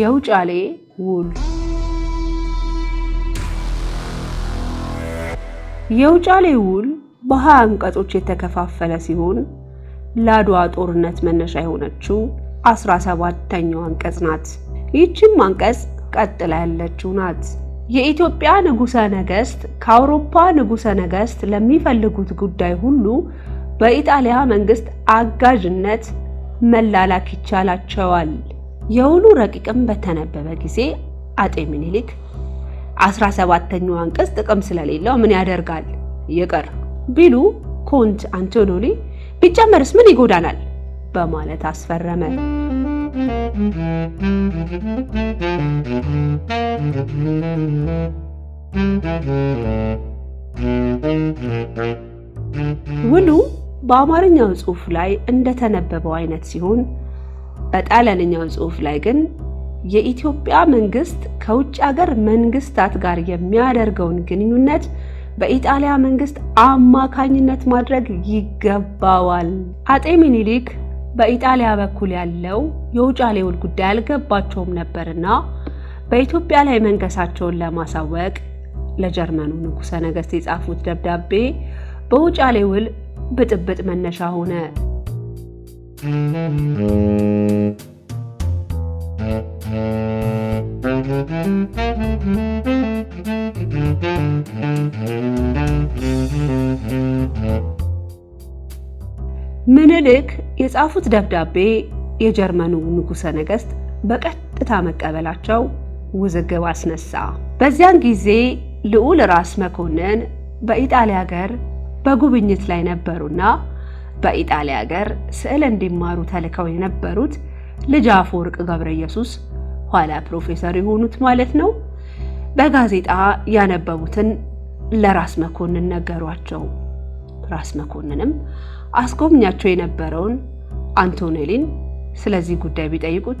የውጫሌ ውል የውጫሌ ውል በሀያ አንቀጾች የተከፋፈለ ሲሆን ለአድዋ ጦርነት መነሻ የሆነችው አስራ ሰባተኛው አንቀጽ ናት። ይህችም አንቀጽ ቀጥላ ያለችው ናት። የኢትዮጵያ ንጉሠ ነገሥት ከአውሮፓ ንጉሠ ነገሥት ለሚፈልጉት ጉዳይ ሁሉ በኢጣሊያ መንግሥት አጋዥነት መላላክ ይቻላቸዋል። የውሉ ረቂቅም በተነበበ ጊዜ አጤ ምኒልክ አስራ ሰባተኛው አንቀጽ ጥቅም ስለሌለው ምን ያደርጋል ይቅር ቢሉ ኮንት አንቶኖሊ ቢጨመርስ ምን ይጎዳናል በማለት አስፈረመ። ውሉ በአማርኛው ጽሑፍ ላይ እንደተነበበው አይነት ሲሆን በጣሊያንኛው ጽሑፍ ላይ ግን የኢትዮጵያ መንግስት ከውጭ ሀገር መንግስታት ጋር የሚያደርገውን ግንኙነት በኢጣሊያ መንግስት አማካኝነት ማድረግ ይገባዋል። አጤ ሚኒሊክ በኢጣሊያ በኩል ያለው የውጫሌ ውል ጉዳይ አልገባቸውም ነበርና በኢትዮጵያ ላይ መንገሳቸውን ለማሳወቅ ለጀርመኑ ንጉሠ ነገሥት የጻፉት ደብዳቤ በውጫሌ ውል ብጥብጥ መነሻ ሆነ። ምኒልክ የጻፉት ደብዳቤ የጀርመኑ ንጉሠ ነገሥት በቀጥታ መቀበላቸው ውዝግብ አስነሳ። በዚያን ጊዜ ልዑል ራስ መኮንን በኢጣሊያ ሀገር በጉብኝት ላይ ነበሩና በኢጣሊያ ሀገር ስዕል እንዲማሩ ተልከው የነበሩት ልጅ አፈወርቅ ገብረ ኢየሱስ ኋላ ፕሮፌሰር የሆኑት ማለት ነው፣ በጋዜጣ ያነበቡትን ለራስ መኮንን ነገሯቸው። ራስ መኮንንም አስጎብኛቸው የነበረውን አንቶኔሊን ስለዚህ ጉዳይ ቢጠይቁት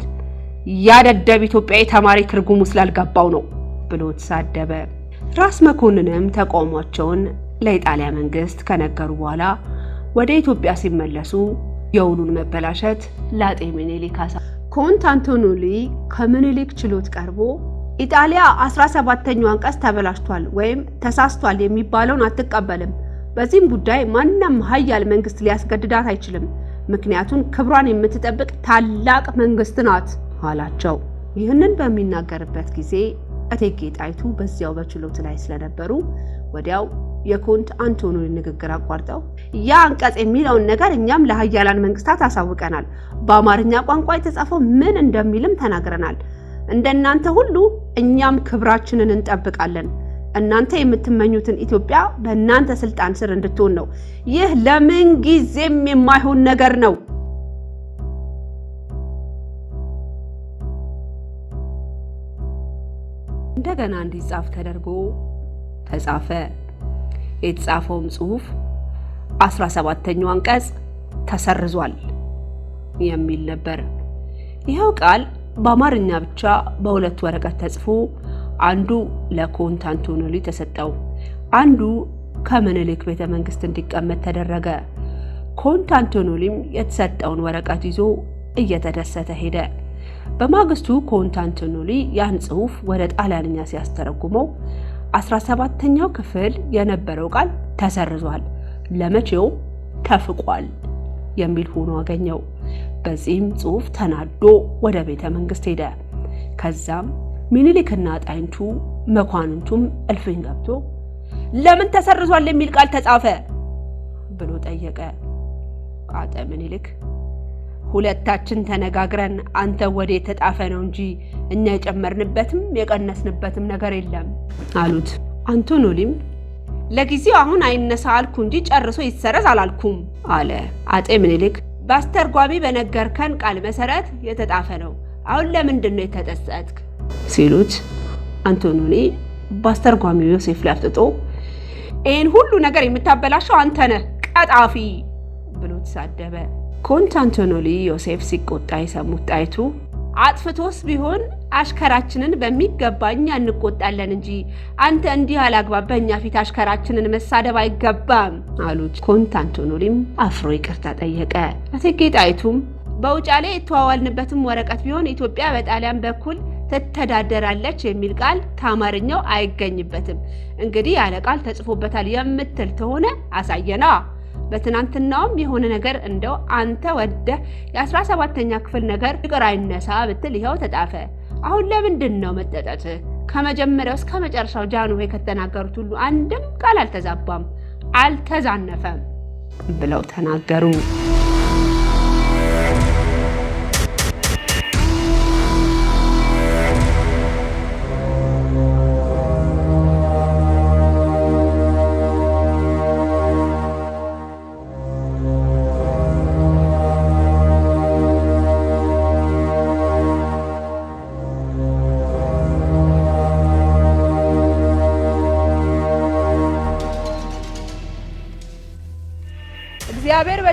ያደደብ ኢትዮጵያዊ ተማሪ ትርጉሙ ስላልገባው ነው ብሎ ተሳደበ። ራስ መኮንንም ተቃውሟቸውን ለኢጣሊያ መንግስት ከነገሩ በኋላ ወደ ኢትዮጵያ ሲመለሱ የውሉን መበላሸት ላጤ ምኒልክ አሳ ኮንት አንቶኖሊ ከምኒልክ ችሎት ቀርቦ ኢጣሊያ 17ኛው አንቀጽ ተበላሽቷል ወይም ተሳስቷል የሚባለውን አትቀበልም። በዚህም ጉዳይ ማንም ሀያል መንግስት ሊያስገድዳት አይችልም፣ ምክንያቱም ክብሯን የምትጠብቅ ታላቅ መንግስት ናት አላቸው። ይህንን በሚናገርበት ጊዜ እቴጌ ጣይቱ በዚያው በችሎት ላይ ስለነበሩ ወዲያው የኮንት አንቶኒዮን ንግግር አቋርጠው ያ አንቀጽ የሚለውን ነገር እኛም ለሀያላን መንግስታት አሳውቀናል። በአማርኛ ቋንቋ የተጻፈው ምን እንደሚልም ተናግረናል። እንደናንተ ሁሉ እኛም ክብራችንን እንጠብቃለን። እናንተ የምትመኙትን ኢትዮጵያ በእናንተ ስልጣን ስር እንድትሆን ነው። ይህ ለምን ጊዜም የማይሆን ነገር ነው። እንደገና እንዲጻፍ ተደርጎ ተጻፈ። የተጻፈውም ጽሁፍ 17ኛው አንቀጽ ተሰርዟል የሚል ነበር። ይኸው ቃል በአማርኛ ብቻ በሁለት ወረቀት ተጽፎ አንዱ ለኮንት አንቶኔሊ ተሰጠው፣ አንዱ ከምኒልክ ቤተ መንግስት እንዲቀመጥ ተደረገ። ኮንት የተሰጠውን ወረቀት ይዞ እየተደሰተ ሄደ። በማግስቱ ኮንት ያን ጽሁፍ ወደ ጣሊያንኛ ሲያስተረጉመው 17ኛው ክፍል የነበረው ቃል ተሰርዟል፣ ለመቼው ተፍቋል የሚል ሆኖ አገኘው። በዚህም ጽሑፍ ተናዶ ወደ ቤተ መንግስት ሄደ። ከዛም ሚኒሊክና ጣይንቱ መኳንንቱም እልፍኝ ገብቶ ለምን ተሰርዟል የሚል ቃል ተጻፈ ብሎ ጠየቀ። አጠ ሚኒሊክ? ሁለታችን ተነጋግረን አንተ ወደ የተጣፈ ነው እንጂ እኛ የጨመርንበትም የቀነስንበትም ነገር የለም አሉት። አንቶኖሊም ለጊዜው አሁን አይነሳ አልኩ እንጂ ጨርሶ ይሰረዝ አላልኩም አለ። አጤ ምኒልክ በአስተርጓሚ በነገርከን ቃል መሰረት የተጣፈ ነው። አሁን ለምንድን ነው የተጠሰጥክ? ሲሉት አንቶኖኒ በአስተርጓሚው ዮሴፍ ላይ አፍጥጦ ይህን ሁሉ ነገር የምታበላሸው አንተ ነህ ቀጣፊ ብሎ ተሳደበ። ኮንታንቶኖሊ ዮሴፍ ሲቆጣ የሰሙት ጣይቱ አጥፍቶስ ቢሆን አሽከራችንን በሚገባ እኛ እንቆጣለን እንጂ አንተ እንዲህ አላግባብ በእኛ ፊት አሽከራችንን መሳደብ አይገባም አሉት። ኮንታንቶኖሊም አፍሮ ይቅርታ ጠየቀ። እቴጌ ጣይቱም በውጫሌ የተዋዋልንበትም ወረቀት ቢሆን ኢትዮጵያ በጣሊያን በኩል ትተዳደራለች የሚል ቃል ከአማርኛው አይገኝበትም። እንግዲህ ያለ ቃል ተጽፎበታል የምትል ከሆነ አሳየና በትናንትናውም የሆነ ነገር እንደው አንተ ወደህ 17 ሰባተኛ ክፍል ነገር ይቅር አይነሳ ብትል ይኸው ተጣፈ አሁን ለምንድን ነው መጠጠት? ከመጀመሪያው እስከ መጨረሻው ጃንሆይ ከተናገሩት ሁሉ አንድም ቃል አልተዛባም፣ አልተዛነፈም ብለው ተናገሩ።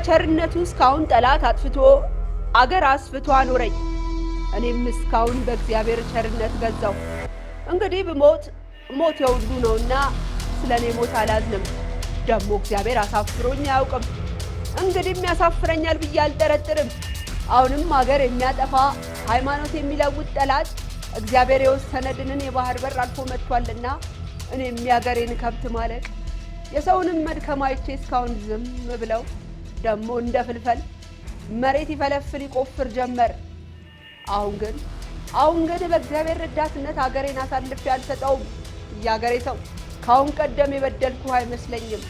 በቸርነቱ እስካሁን ጠላት አጥፍቶ አገር አስፍቶ አኖረኝ። እኔም እስካሁን በእግዚአብሔር ቸርነት ገዛው። እንግዲህ ብሞት ሞት የሁሉ ነውና ስለ እኔ ሞት አላዝንም። ደግሞ እግዚአብሔር አሳፍሮኝ አያውቅም፣ እንግዲህም ያሳፍረኛል ብዬ አልጠረጥርም። አሁንም አገር የሚያጠፋ ሃይማኖት የሚለውጥ ጠላት እግዚአብሔር የወሰነድንን የባህር በር አልፎ መጥቷልና እኔም የአገሬን ከብት ማለት የሰውንም መድከም አይቼ እስካሁን ዝም ብለው ደግሞ እንደ ፍልፈል መሬት ይፈለፍል ይቆፍር ጀመር። አሁን ግን አሁን ግን በእግዚአብሔር ረዳትነት አገሬን አሳልፌ አልሰጠውም። እያገሬ ሰው ካሁን ቀደም የበደልኩ አይመስለኝም።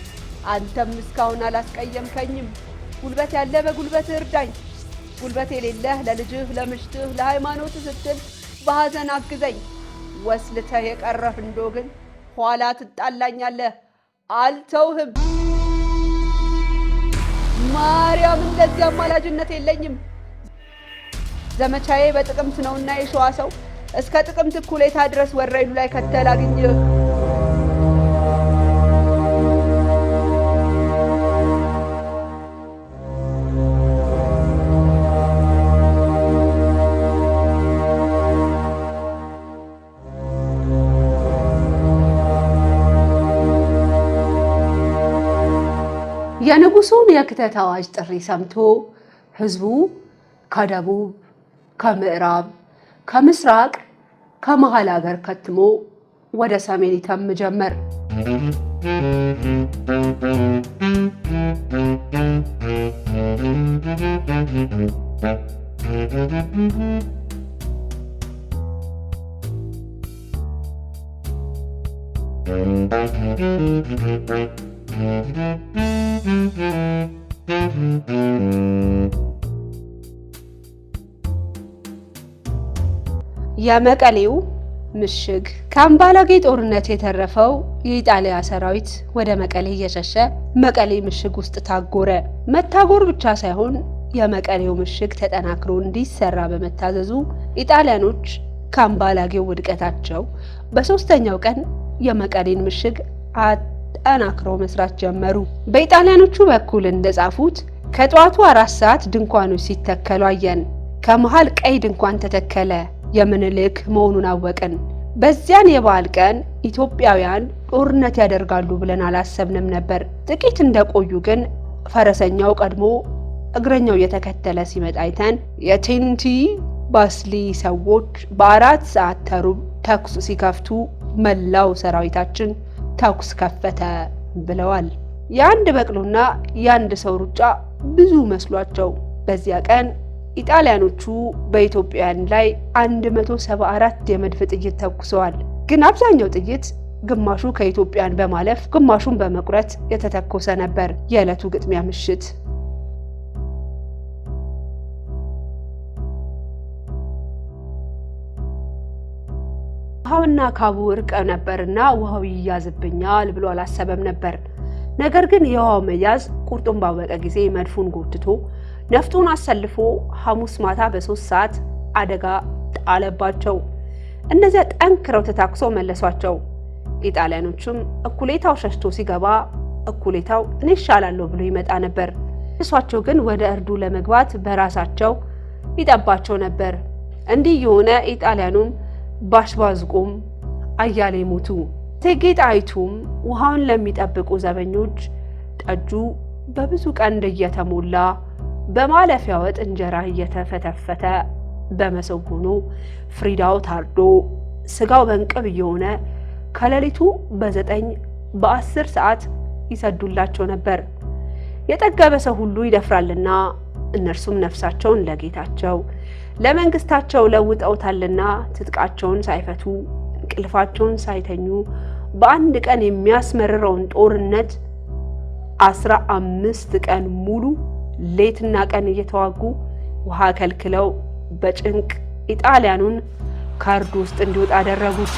አንተም እስካሁን አላስቀየምከኝም። ጉልበት ያለ በጉልበት እርዳኝ፣ ጉልበት የሌለህ ለልጅህ፣ ለምሽትህ፣ ለሃይማኖት ስትል በሐዘን አግዘኝ። ወስልተህ የቀረህ እንዶ ግን ኋላ ትጣላኛለህ፣ አልተውህም። ማርያም እንደዚህ አማላጅነት የለኝም። ዘመቻዬ በጥቅምት ነውና የሸዋ ሰው እስከ ጥቅምት እኩሌታ ድረስ ወረይሉ ላይ ከተል አግኝ የንጉሱን የክተት አዋጅ ጥሪ ሰምቶ ህዝቡ ከደቡብ፣ ከምዕራብ፣ ከምስራቅ፣ ከመሀል ሀገር ከትሞ ወደ ሰሜን ይተም ጀመር። የመቀሌው ምሽግ ከአምባላጌ ጦርነት የተረፈው የኢጣሊያ ሰራዊት ወደ መቀሌ እየሸሸ መቀሌ ምሽግ ውስጥ ታጎረ። መታጎር ብቻ ሳይሆን የመቀሌው ምሽግ ተጠናክሮ እንዲሰራ በመታዘዙ ኢጣሊያኖች ከአምባላጌው ውድቀታቸው በሶስተኛው ቀን የመቀሌን ምሽግ አጠናክሮ መስራት ጀመሩ። በኢጣሊያኖቹ በኩል እንደጻፉት ከጠዋቱ አራት ሰዓት ድንኳኖች ሲተከሉ አየን። ከመሃል ቀይ ድንኳን ተተከለ። የምኒልክ መሆኑን አወቅን። በዚያን የበዓል ቀን ኢትዮጵያውያን ጦርነት ያደርጋሉ ብለን አላሰብንም ነበር። ጥቂት እንደቆዩ ግን ፈረሰኛው ቀድሞ እግረኛው እየተከተለ ሲመጣ አይተን የቴንቲ ባስሊ ሰዎች በአራት ሰዓት ተሩብ ተኩስ ሲከፍቱ መላው ሰራዊታችን ተኩስ ከፈተ ብለዋል። የአንድ በቅሎና የአንድ ሰው ሩጫ ብዙ መስሏቸው በዚያ ቀን ኢጣሊያኖቹ በኢትዮጵያውያን ላይ 174 የመድፍ ጥይት ተኩሰዋል። ግን አብዛኛው ጥይት ግማሹ ከኢትዮጵያን በማለፍ ግማሹን በመቁረጥ የተተኮሰ ነበር። የዕለቱ ግጥሚያ ምሽት ውሃውና ካቡ እርቅ ነበርና ውሃው ይያዝብኛል ብሎ አላሰበም ነበር። ነገር ግን የውሃው መያዝ ቁርጡን ባወቀ ጊዜ መድፉን ጎትቶ ነፍጡን አሰልፎ ሐሙስ ማታ በሶስት ሰዓት አደጋ ጣለባቸው። እነዚያ ጠንክረው ተታክሶ መለሷቸው። ኢጣሊያኖቹም እኩሌታው ሸሽቶ ሲገባ እኩሌታው እኔ ይሻላለሁ ብሎ ይመጣ ነበር። እሷቸው ግን ወደ እርዱ ለመግባት በራሳቸው ይጠባቸው ነበር። እንዲህ የሆነ ኢጣሊያኑም ባሽባዝቁም አያሌ ሞቱ። እቴጌ ጣይቱም ውሃውን ለሚጠብቁ ዘበኞች ጠጁ በብዙ ቀንድ እየተሞላ በማለፊያ ወጥ እንጀራ እየተፈተፈተ በመሰጎኑ ፍሪዳው ታርዶ ስጋው በእንቅብ እየሆነ ከሌሊቱ በዘጠኝ በአስር ሰዓት ይሰዱላቸው ነበር። የጠገበ ሰው ሁሉ ይደፍራልና እነርሱም ነፍሳቸውን ለጌታቸው ለመንግስታቸው ለውጠውታልና ትጥቃቸውን ሳይፈቱ እንቅልፋቸውን ሳይተኙ በአንድ ቀን የሚያስመርረውን ጦርነት አስራ አምስት ቀን ሙሉ ሌትና ቀን እየተዋጉ ውሃ ከልክለው በጭንቅ ኢጣሊያኑን ካርድ ውስጥ እንዲወጣ አደረጉት።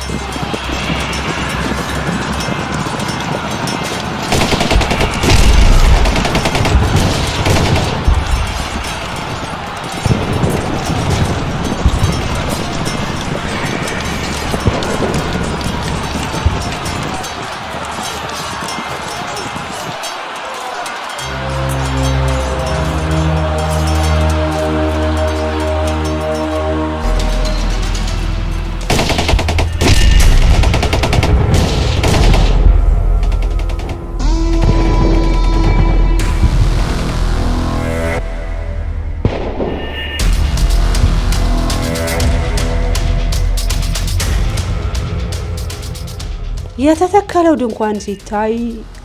የተተከለው ድንኳን ሲታይ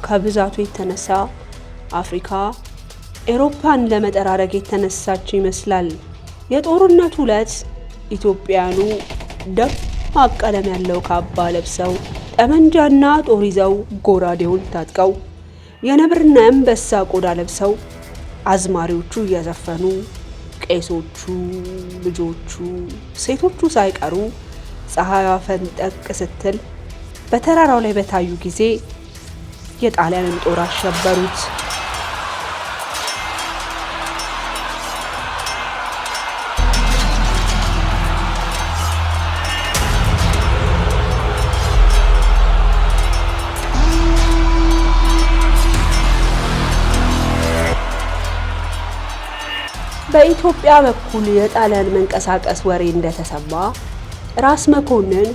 ከብዛቱ የተነሳ አፍሪካ ኤሮፓን ለመጠራረግ የተነሳች ይመስላል። የጦርነቱ ዕለት ኢትዮጵያኑ ደማቅ ቀለም ያለው ካባ ለብሰው ጠመንጃና ጦር ይዘው ጎራዴውን ታጥቀው የነብርና የአንበሳ ቆዳ ለብሰው አዝማሪዎቹ እያዘፈኑ ቄሶቹ፣ ልጆቹ፣ ሴቶቹ ሳይቀሩ ፀሐይዋ ፈንጠቅ ስትል በተራራው ላይ በታዩ ጊዜ የጣሊያንን ጦር አሸበሩት። በኢትዮጵያ በኩል የጣሊያን መንቀሳቀስ ወሬ እንደተሰማ ራስ መኮንን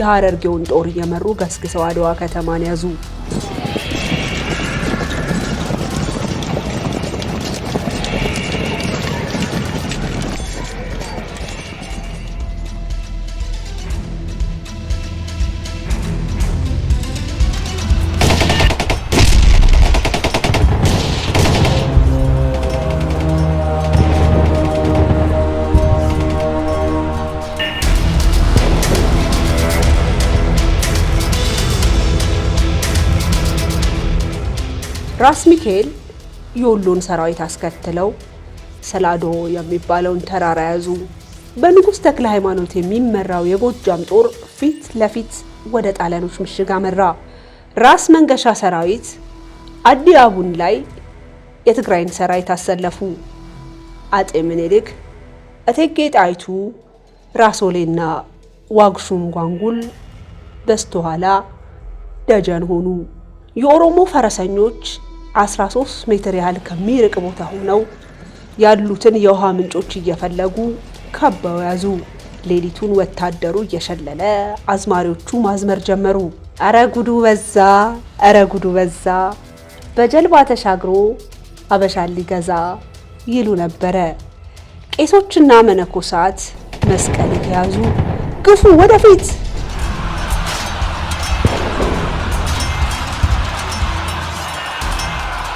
የሐረርጌውን ጦር እየመሩ ገስግሰው አድዋ ከተማን ያዙ። ራስ ሚካኤል የወሎን ሰራዊት አስከትለው ሰላዶ የሚባለውን ተራራ ያዙ። በንጉሥ ተክለ ሃይማኖት የሚመራው የጎጃም ጦር ፊት ለፊት ወደ ጣሊያኖች ምሽግ አመራ። ራስ መንገሻ ሰራዊት አዲ አቡን ላይ የትግራይን ሰራዊት አሰለፉ። አጤ ምኒልክ፣ እቴጌ ጣይቱ፣ ራሶሌና ዋግሹም ጓንጉል በስተኋላ ደጀን ሆኑ። የኦሮሞ ፈረሰኞች 13 ሜትር ያህል ከሚርቅ ቦታ ሆነው ያሉትን የውሃ ምንጮች እየፈለጉ ከበው ያዙ። ሌሊቱን ወታደሩ እየሸለለ አዝማሪዎቹ ማዝመር ጀመሩ። እረ ጉዱ በዛ፣ እረ ጉዱ በዛ፣ በጀልባ ተሻግሮ አበሻን ሊገዛ ይሉ ነበረ። ቄሶችና መነኮሳት መስቀል የተያዙ ግፉ ወደፊት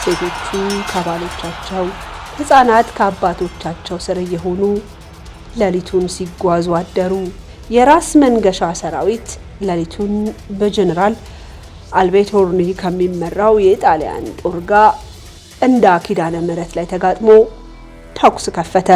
ሴቶቹ ከባሎቻቸው፣ ሕፃናት ከአባቶቻቸው ስር እየሆኑ ሌሊቱን ሲጓዙ አደሩ። የራስ መንገሻ ሰራዊት ሌሊቱን በጀኔራል አልቤቶርኒ ከሚመራው የጣሊያን ጦር ጋር እንዳ ኪዳነ ምሕረት ላይ ተጋጥሞ ተኩስ ከፈተ።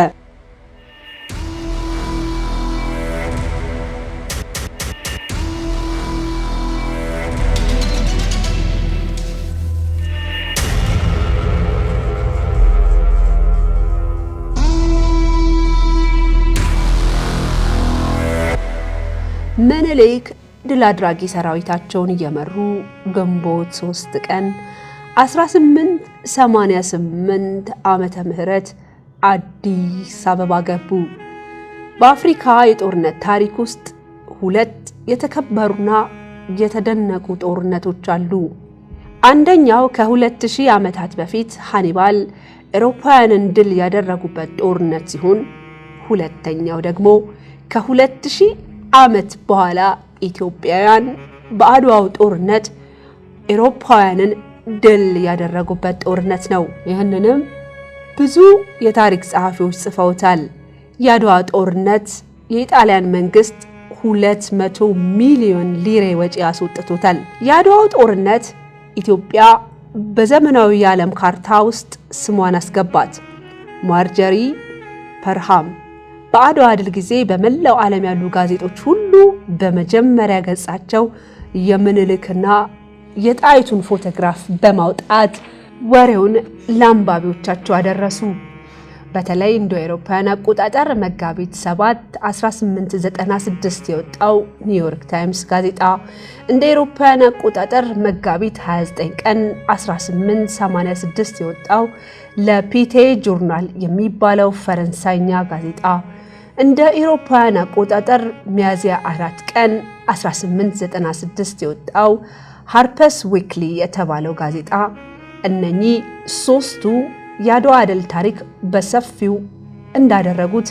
ምኒልክ ድል አድራጊ ሰራዊታቸውን እየመሩ ግንቦት 3 ቀን 1888 ዓመተ ምህረት አዲስ አበባ ገቡ። በአፍሪካ የጦርነት ታሪክ ውስጥ ሁለት የተከበሩና የተደነቁ ጦርነቶች አሉ። አንደኛው ከሁለት ሺህ ዓመታት በፊት ሃኒባል አውሮፓውያንን ድል ያደረጉበት ጦርነት ሲሆን ሁለተኛው ደግሞ ከ2000 ዓመት በኋላ ኢትዮጵያውያን በአድዋው ጦርነት ኤሮፓውያንን ድል ያደረጉበት ጦርነት ነው። ይህንንም ብዙ የታሪክ ጸሐፊዎች ጽፈውታል። የአድዋ ጦርነት የኢጣሊያን መንግስት 200 ሚሊዮን ሊሬ ወጪ አስወጥቶታል። የአድዋው ጦርነት ኢትዮጵያ በዘመናዊ የዓለም ካርታ ውስጥ ስሟን አስገባት። ማርጀሪ ፐርሃም በአድዋ ድል ጊዜ በመላው ዓለም ያሉ ጋዜጦች ሁሉ በመጀመሪያ ገጻቸው የምኒልክና የጣይቱን ፎቶግራፍ በማውጣት ወሬውን ለአንባቢዎቻቸው አደረሱ። በተለይ እንደ አውሮፓውያን አቆጣጠር መጋቢት 7 1896 የወጣው ኒውዮርክ ታይምስ ጋዜጣ እንደ አውሮፓውያን አቆጣጠር መጋቢት 29 ቀን 1886 የወጣው ለፒቴ ጆርናል የሚባለው ፈረንሳይኛ ጋዜጣ እንደ ኢሮፓውያን አቆጣጠር ሚያዝያ አራት ቀን 1896 የወጣው ሃርፐስ ዊክሊ የተባለው ጋዜጣ እነኚህ ሶስቱ የአድዋ ድል ታሪክ በሰፊው እንዳደረጉት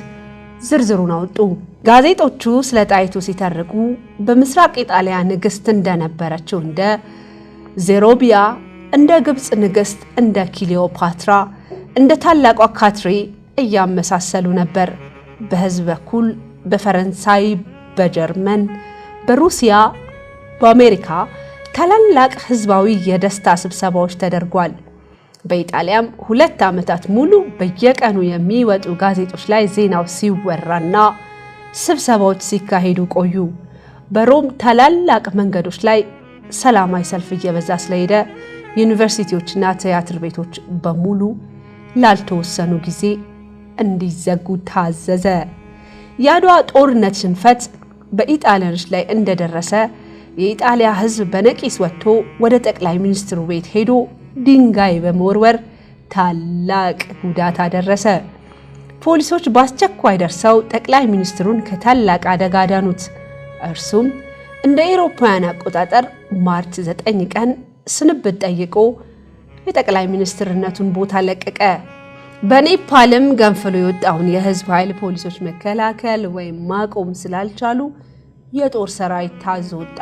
ዝርዝሩን አወጡ። ጋዜጦቹ ስለ ጣይቱ ሲተርኩ በምስራቅ ኢጣሊያ ንግሥት እንደነበረችው እንደ ዜሮቢያ፣ እንደ ግብፅ ንግሥት እንደ ኪሊዮፓትራ፣ እንደ ታላቋ ካትሪ እያመሳሰሉ ነበር። በሕዝብ በኩል በፈረንሳይ፣ በጀርመን፣ በሩሲያ፣ በአሜሪካ ታላላቅ ሕዝባዊ የደስታ ስብሰባዎች ተደርጓል። በኢጣሊያም ሁለት ዓመታት ሙሉ በየቀኑ የሚወጡ ጋዜጦች ላይ ዜናው ሲወራና ስብሰባዎች ሲካሄዱ ቆዩ። በሮም ታላላቅ መንገዶች ላይ ሰላማዊ ሰልፍ እየበዛ ስለሄደ ዩኒቨርሲቲዎችና ቲያትር ቤቶች በሙሉ ላልተወሰኑ ጊዜ እንዲዘጉ ታዘዘ። የአድዋ ጦርነት ሽንፈት በኢጣሊያኖች ላይ እንደደረሰ የኢጣሊያ ሕዝብ በነቂስ ወጥቶ ወደ ጠቅላይ ሚኒስትሩ ቤት ሄዶ ድንጋይ በመወርወር ታላቅ ጉዳት አደረሰ። ፖሊሶች በአስቸኳይ ደርሰው ጠቅላይ ሚኒስትሩን ከታላቅ አደጋ ዳኑት። እርሱም እንደ ኤሮፓውያን አቆጣጠር ማርች 9 ቀን ስንብት ጠይቆ የጠቅላይ ሚኒስትርነቱን ቦታ ለቀቀ። በኔፓልም ገንፍሎ የወጣውን የህዝብ ኃይል ፖሊሶች መከላከል ወይም ማቆም ስላልቻሉ የጦር ሰራዊት ታዞ ወጣ።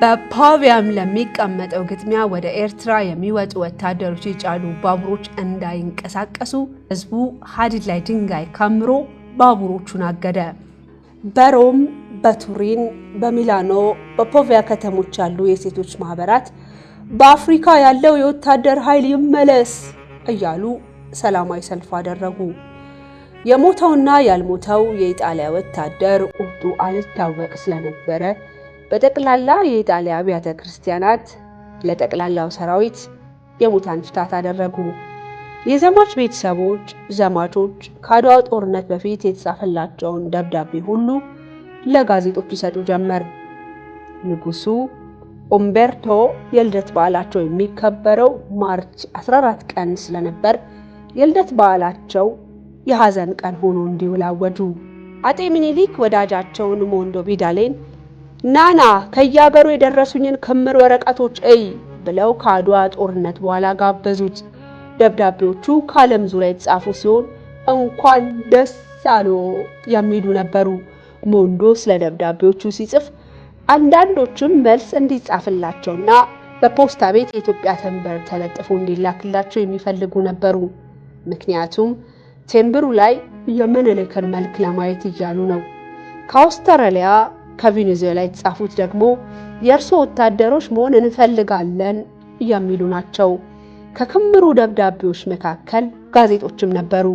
በፓቪያም ለሚቀመጠው ግጥሚያ ወደ ኤርትራ የሚወጡ ወታደሮች የጫኑ ባቡሮች እንዳይንቀሳቀሱ ህዝቡ ሀዲድ ላይ ድንጋይ ከምሮ ባቡሮቹን አገደ። በሮም፣ በቱሪን፣ በሚላኖ፣ በፖቪያ ከተሞች ያሉ የሴቶች ማህበራት በአፍሪካ ያለው የወታደር ኃይል ይመለስ እያሉ ሰላማዊ ሰልፍ አደረጉ። የሞተውና ያልሞተው የኢጣሊያ ወታደር ቁጡ አልታወቅ ስለነበረ በጠቅላላ የኢጣሊያ አብያተ ክርስቲያናት ለጠቅላላው ሰራዊት የሙታን ፍታት አደረጉ። የዘማች ቤተሰቦች ዘማቾች ከአድዋ ጦርነት በፊት የተጻፈላቸውን ደብዳቤ ሁሉ ለጋዜጦች ይሰጡ ጀመር። ንጉሱ ኦምቤርቶ የልደት በዓላቸው የሚከበረው ማርች 14 ቀን ስለነበር የልደት በዓላቸው የሐዘን ቀን ሆኖ እንዲውል አወጁ። አጤ ምኒልክ ወዳጃቸውን ሞንዶ ቢዳሌን ናና ከየአገሩ የደረሱኝን ክምር ወረቀቶች እይ ብለው ከአድዋ ጦርነት በኋላ ጋበዙት። ደብዳቤዎቹ ከዓለም ዙሪያ የተጻፉ ሲሆን እንኳን ደስ አሎ የሚሉ ነበሩ። ሞንዶ ስለ ደብዳቤዎቹ ሲጽፍ አንዳንዶችም መልስ እንዲጻፍላቸውና በፖስታ ቤት የኢትዮጵያ ተንበር ተለጥፎ እንዲላክላቸው የሚፈልጉ ነበሩ። ምክንያቱም ቴምብሩ ላይ የምኒልክን መልክ ለማየት እያሉ ነው። ከአውስትራሊያ ከቬኔዙዌላ የተጻፉት ደግሞ የእርስዎ ወታደሮች መሆን እንፈልጋለን የሚሉ ናቸው። ከክምሩ ደብዳቤዎች መካከል ጋዜጦችም ነበሩ።